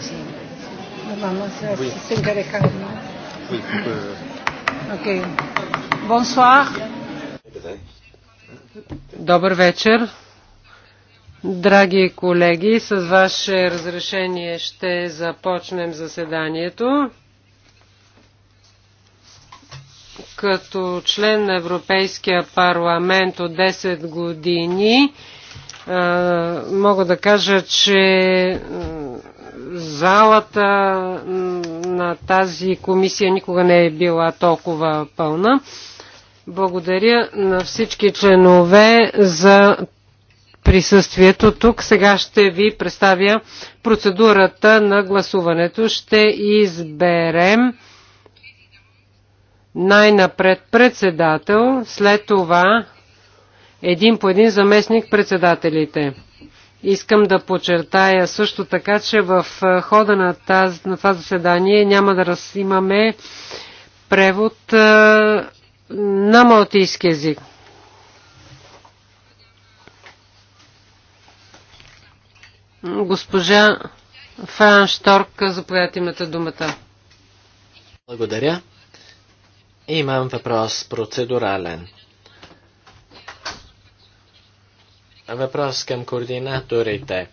si Ok. Bonsoir. Добър вечер. Драги колеги, с ваше разрешение ще започнем заседанието. Като член на Европейския парламент от 10 години, мога да кажа, че залата на тази комисия никога не е била толкова пълна. Благодаря на всички членове за присъствието тук. Сега ще ви представя процедурата на гласуването. Ще изберем най-напред председател, след това един по един заместник председателите. Искам да подчертая също така, че в хода на, таз, на това заседание няма да раз, имаме превод на малтийски язик. Госпожа Фан Шторк, заповядайте имате думата. Благодаря. Имам въпрос процедурален. въпрос към координаторите.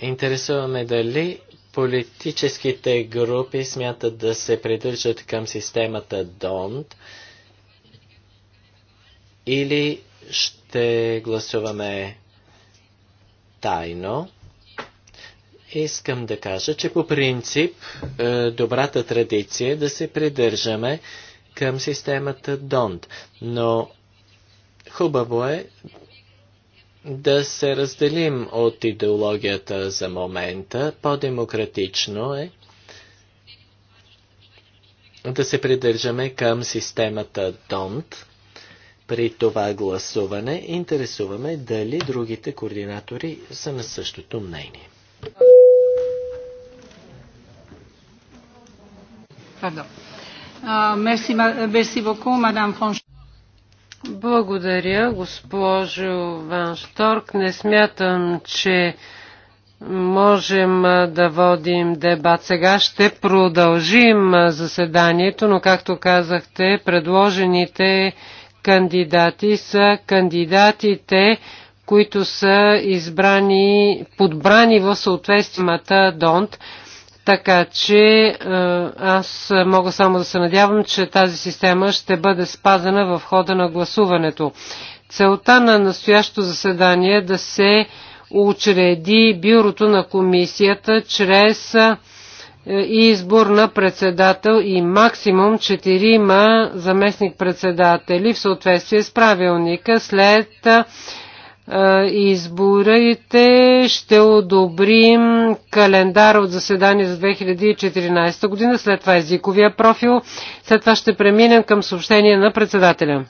Интересуваме дали политическите групи смятат да се придържат към системата ДОНТ или ще гласуваме тайно. Искам да кажа, че по принцип е, добрата традиция е да се придържаме към системата ДОНТ, но хубаво е да се разделим от идеологията за момента. По-демократично е да се придържаме към системата ДОНТ. При това гласуване интересуваме дали другите координатори са на същото мнение. Pardon. Uh, мадам Фонш. Благодаря, госпожо Ван Шторк. Не смятам, че можем да водим дебат. Сега ще продължим заседанието, но както казахте, предложените кандидати са кандидатите, които са избрани, подбрани в съответствията Донт. Така че е, аз мога само да се надявам, че тази система ще бъде спазена в хода на гласуването. Целта на настоящото заседание е да се учреди бюрото на комисията чрез е, избор на председател и максимум 4 заместник-председатели в съответствие с правилника след е, е, изборите ще одобрим календар от заседание за 2014 година, след това езиковия профил, след това ще преминем към съобщение на председателя.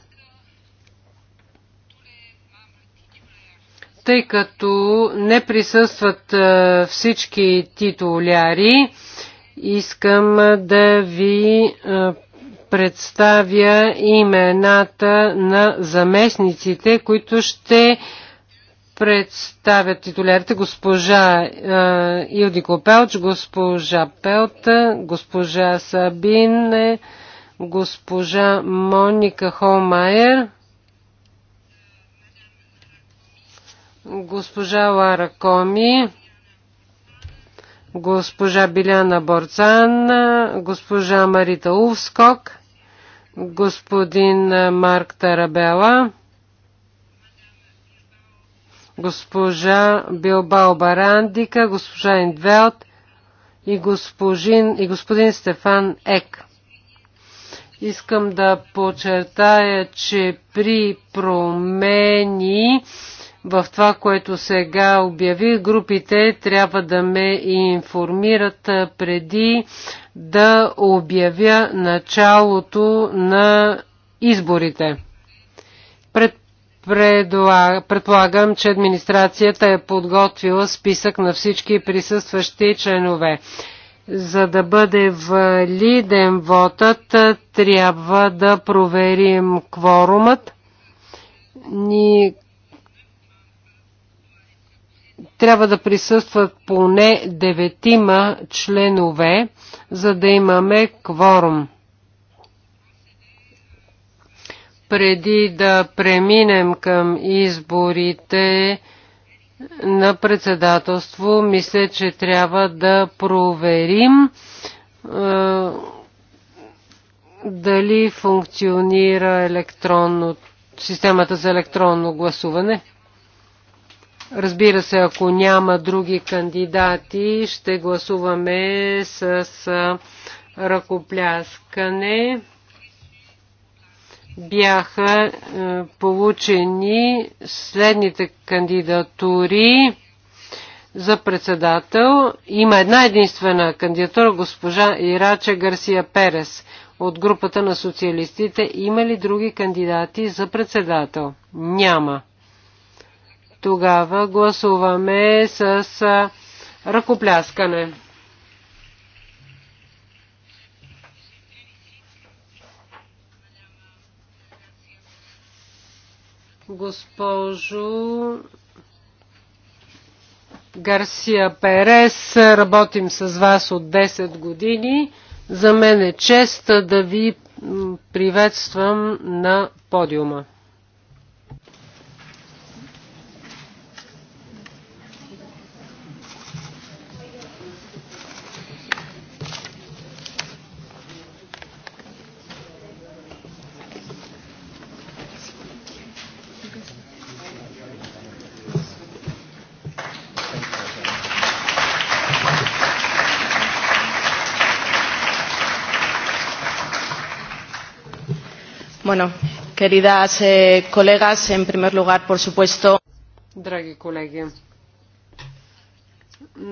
Тъй като не присъстват е, всички титуляри, искам е, да ви представя имената на заместниците, които ще представят титулярите госпожа е, Илдико Пелч, госпожа Пелта, госпожа Сабин, госпожа Моника Холмайер, госпожа Лара Коми, госпожа Биляна Борцан, госпожа Марита Увскок, господин Марк Тарабела, госпожа Билбао Барандика, госпожа Индвелт и, госпожин, и господин Стефан Ек. Искам да подчертая, че при промени в това, което сега обявих, групите трябва да ме информират преди да обявя началото на изборите. Предполагам, че администрацията е подготвила списък на всички присъстващи членове. За да бъде валиден вотът, трябва да проверим кворумът. Ни... Трябва да присъстват поне деветима членове, за да имаме кворум. преди да преминем към изборите на председателство, мисля, че трябва да проверим е, дали функционира електронно, системата за електронно гласуване. Разбира се, ако няма други кандидати, ще гласуваме с ръкопляскане бяха е, получени следните кандидатури за председател. Има една единствена кандидатура, госпожа Ираче Гарсия Перес от групата на социалистите. Има ли други кандидати за председател? Няма. Тогава гласуваме с е, ръкопляскане. Госпожо Гарсия Перес, работим с вас от 10 години. За мен е чест да ви приветствам на подиума. Bueno, queridas eh, colegas, en primer lugar, por supuesto. Драги колеги,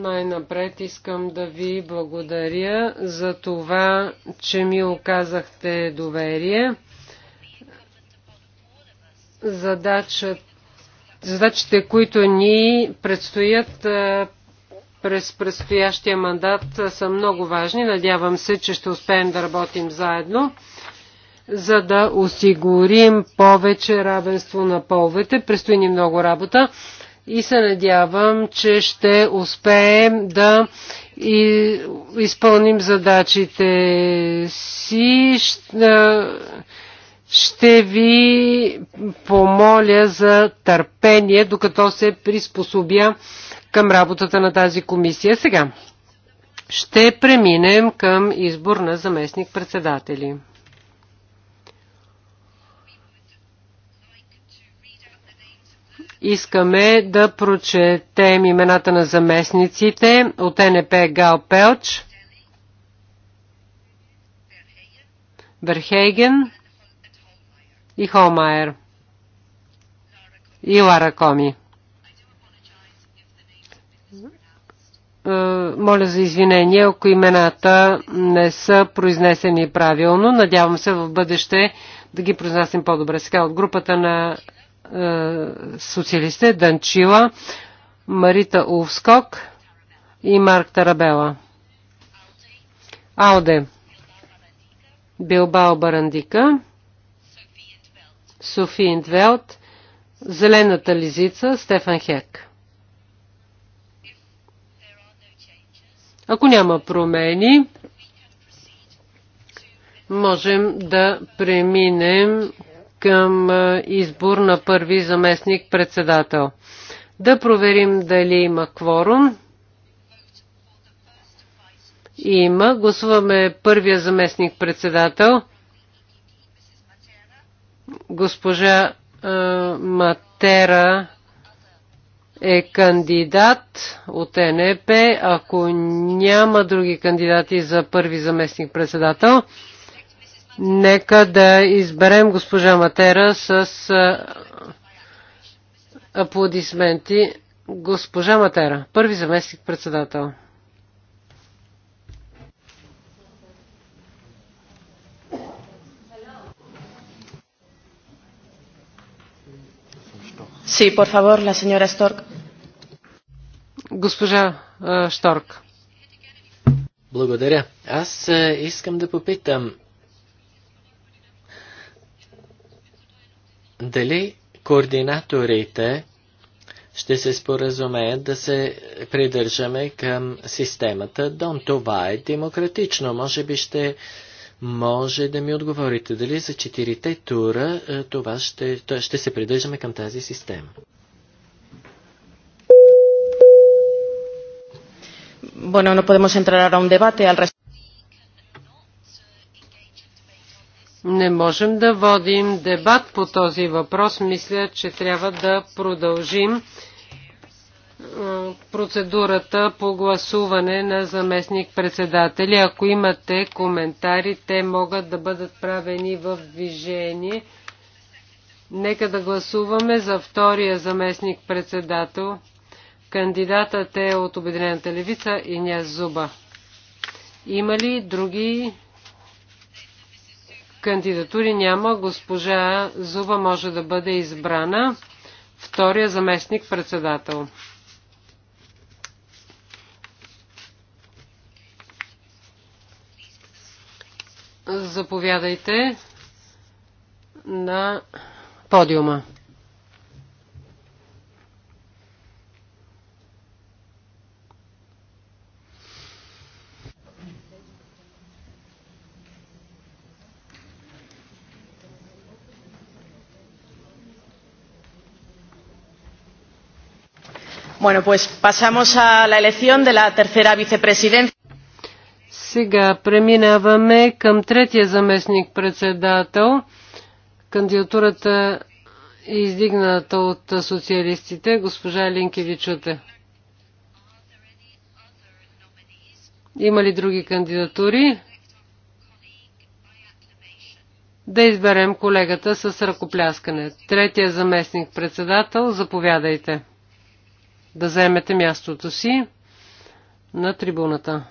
най-напред искам да ви благодаря за това, че ми оказахте доверие. Задача, задачите, които ни предстоят е, през предстоящия мандат са много важни. Надявам се, че ще успеем да работим заедно за да осигурим повече равенство на половете. Престои ни много работа и се надявам, че ще успеем да и изпълним задачите си. Ще, ще ви помоля за търпение, докато се приспособя към работата на тази комисия. Сега ще преминем към избор на заместник-председатели. Искаме да прочетем имената на заместниците от НП Гал Пелч, Верхейген и Холмайер и Лара Коми. Е, моля за извинение, ако имената не са произнесени правилно. Надявам се в бъдеще да ги произнасям по-добре. Сега от групата на е, социалистите Данчила, Марита Увскок и Марк Тарабела. Алде, Билбао Барандика, Софи Индвелт, Зелената лизица, Стефан Хек. Ако няма промени, можем да преминем към избор на първи заместник председател. Да проверим дали има кворум. Има. Гласуваме първия заместник председател. Госпожа е, Матера е кандидат от НЕП. Ако няма други кандидати за първи заместник председател, Нека да изберем госпожа Матера с аплодисменти. Госпожа Матера, първи заместник председател. Sí, por favor, la señora Stork. Госпожа Шторк. Благодаря. Аз искам да попитам Дали координаторите ще се споразумеят да се придържаме към системата Дон? Това е демократично. Може би ще може да ми отговорите дали за четирите тура е, това ще, ще се придържаме към тази система. Bueno, no podemos entrar ahora a un debate al Не можем да водим дебат по този въпрос. Мисля, че трябва да продължим процедурата по гласуване на заместник председатели. Ако имате коментари, те могат да бъдат правени в движение. Нека да гласуваме за втория заместник председател. Кандидатът е от Обединената левица Иня Зуба. Има ли други Кандидатури няма. Госпожа Зуба може да бъде избрана. Втория заместник председател. Заповядайте на подиума. Bueno, pues pasamos a la elección de la tercera vicepresidencia. Сега преминаваме към третия заместник председател. Кандидатурата е издигната от социалистите, госпожа Линкевичуте. Има ли други кандидатури? Да изберем колегата с ръкопляскане. Третия заместник председател, заповядайте да заемете мястото си на трибуната.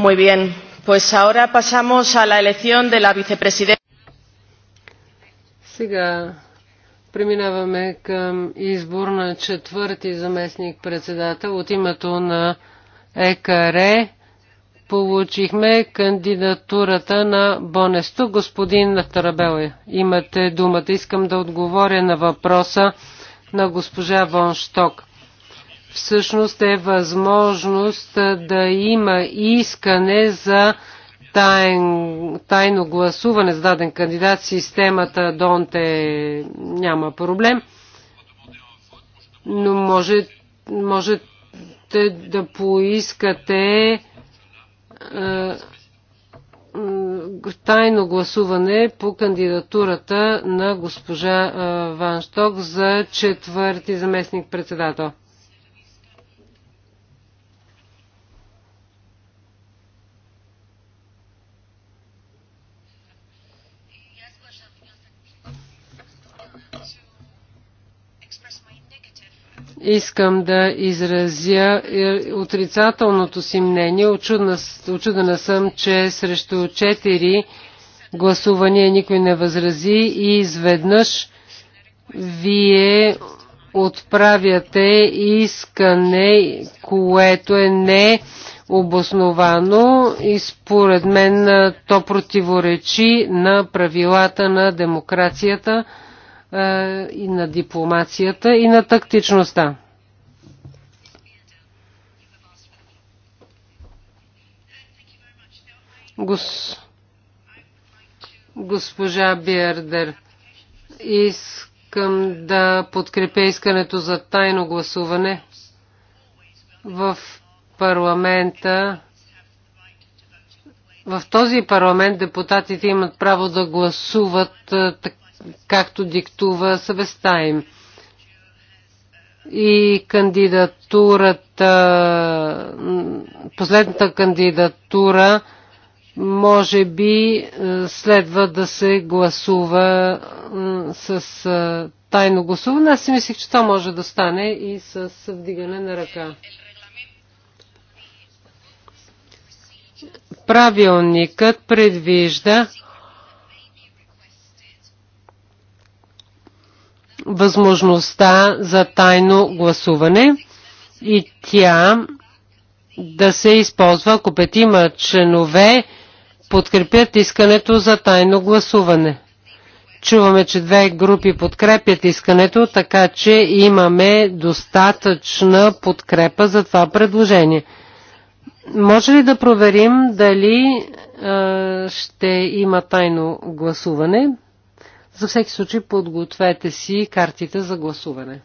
Muy bien, pues ahora pasamos a la elección de la vicepresidenta. Сега преминаваме към избор на четвърти заместник председател от името на ЕКР. Получихме кандидатурата на Бонесто. Господин Тарабеле. имате думата. Искам да отговоря на въпроса на госпожа Воншток всъщност е възможност да има искане за тайн, тайно гласуване за даден кандидат. Системата Донте няма проблем, но може, можете да поискате тайно гласуване по кандидатурата на госпожа Ваншток за четвърти заместник председател. Искам да изразя е, отрицателното си мнение. Очудна, очудена съм, че срещу четири гласувания никой не възрази и изведнъж вие отправяте искане, което е не обосновано и според мен то противоречи на правилата на демокрацията. Е, и на дипломацията и на тактичността. Гос... Госпожа Биердер, искам да подкрепя искането за тайно гласуване в парламента. В този парламент депутатите имат право да гласуват е, така както диктува съвестта им. И кандидатурата, последната кандидатура, може би е, следва да се гласува е, с е, тайно гласуване. Аз си мислих, че това може да стане и с вдигане на ръка. Правилникът предвижда възможността за тайно гласуване и тя да се използва, ако петима членове подкрепят искането за тайно гласуване. Чуваме, че две групи подкрепят искането, така че имаме достатъчна подкрепа за това предложение. Може ли да проверим дали е, ще има тайно гласуване? За всеки случай подгответе си картите за гласуване.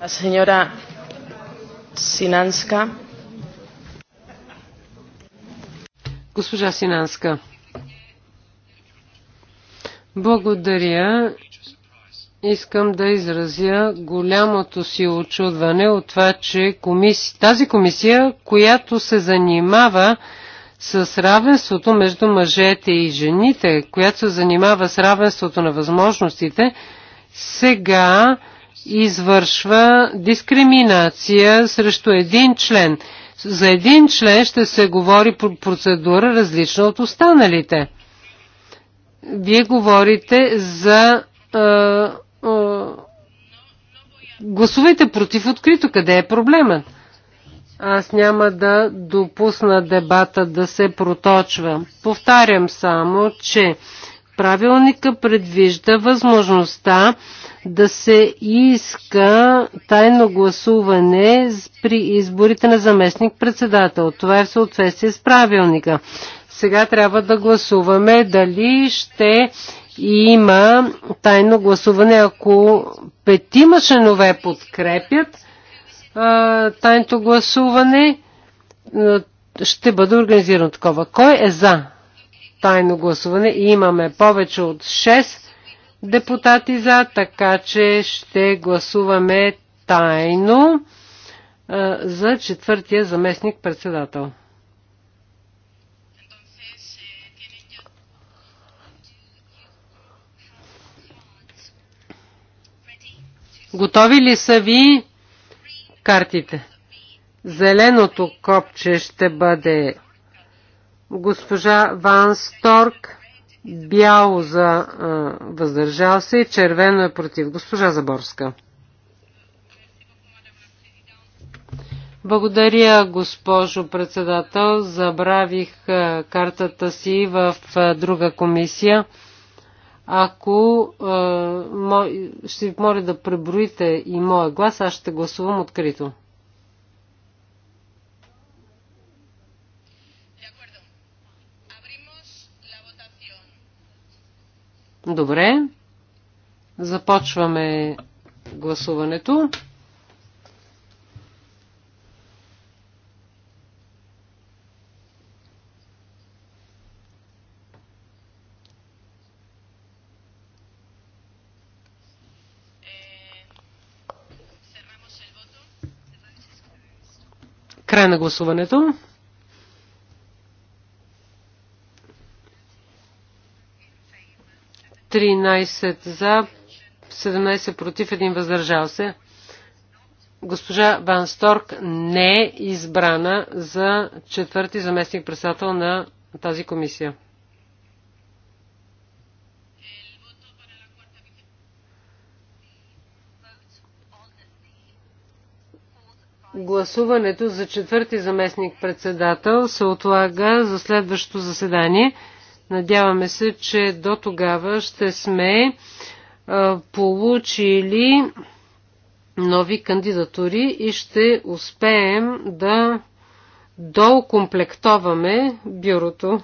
La señora Синанска. Госпожа Синанска. Благодаря. Искам да изразя голямото си очудване от това, че комисия, тази комисия, която се занимава с равенството между мъжете и жените, която се занимава с равенството на възможностите, сега извършва дискриминация срещу един член. За един член ще се говори процедура различна от останалите. Вие говорите за е, гласувайте против открито. Къде е проблемът? Аз няма да допусна дебата да се проточва. Повтарям само, че правилника предвижда възможността да се иска тайно гласуване при изборите на заместник-председател. Това е в съответствие с правилника. Сега трябва да гласуваме дали ще има тайно гласуване. Ако петима членове подкрепят тайното гласуване, ще бъде организирано такова. Кой е за тайно гласуване? И имаме повече от 6 депутати за, така че ще гласуваме тайно за четвъртия заместник председател. Готови ли са ви картите? Зеленото копче ще бъде госпожа Ван Сторк, бяло за а, въздържал се и червено е против. Госпожа Заборска. Благодаря, госпожо председател. Забравих картата си в друга комисия. Ако е, ще ви моля да преброите и моя глас, аз ще гласувам открито. Добре. Започваме гласуването. Край на гласуването. Тринайсет за, 17 против, един въздържал се. Госпожа Ван Сторк не е избрана за четвърти заместник председател на тази комисия. гласуването за четвърти заместник председател се отлага за следващото заседание. Надяваме се, че до тогава ще сме получили нови кандидатури и ще успеем да доукомплектоваме бюрото.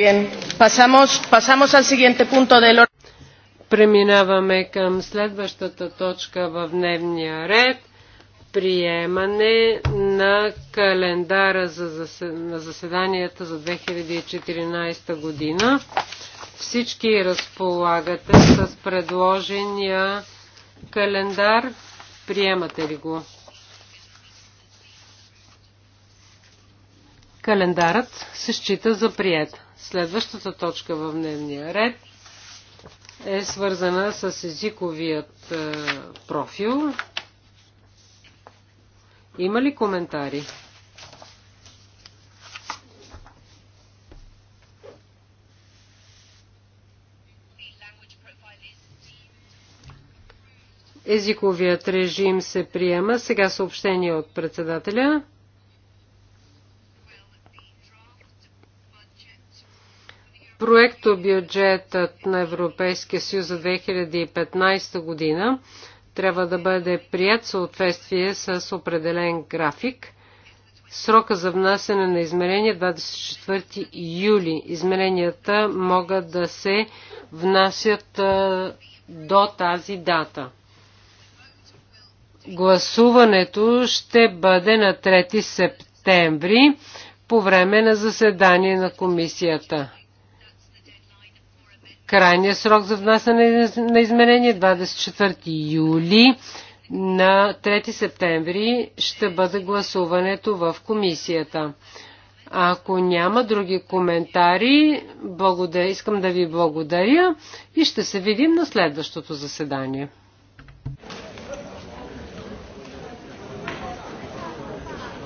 Bien, pasamos, pasamos al siguiente punto del Преминаваме към следващата точка в дневния ред. Приемане на календара за на заседанията за 2014 година. Всички разполагате с предложения календар. Приемате ли го? Календарът се счита за прият. Следващата точка в дневния ред – е свързана с езиковият е, профил. Има ли коментари? Езиковият режим се приема. Сега съобщение от председателя. Проектобюджетът на Европейския съюз за 2015 година трябва да бъде прият в съответствие с определен график. Срока за внасяне на измерения 24 е юли. Измеренията могат да се внасят до тази дата. Гласуването ще бъде на 3 септември по време на заседание на комисията. Крайният срок за внасяне на изменение 24 е юли на 3 септември ще бъде гласуването в комисията. Ако няма други коментари, благодар... искам да ви благодаря и ще се видим на следващото заседание.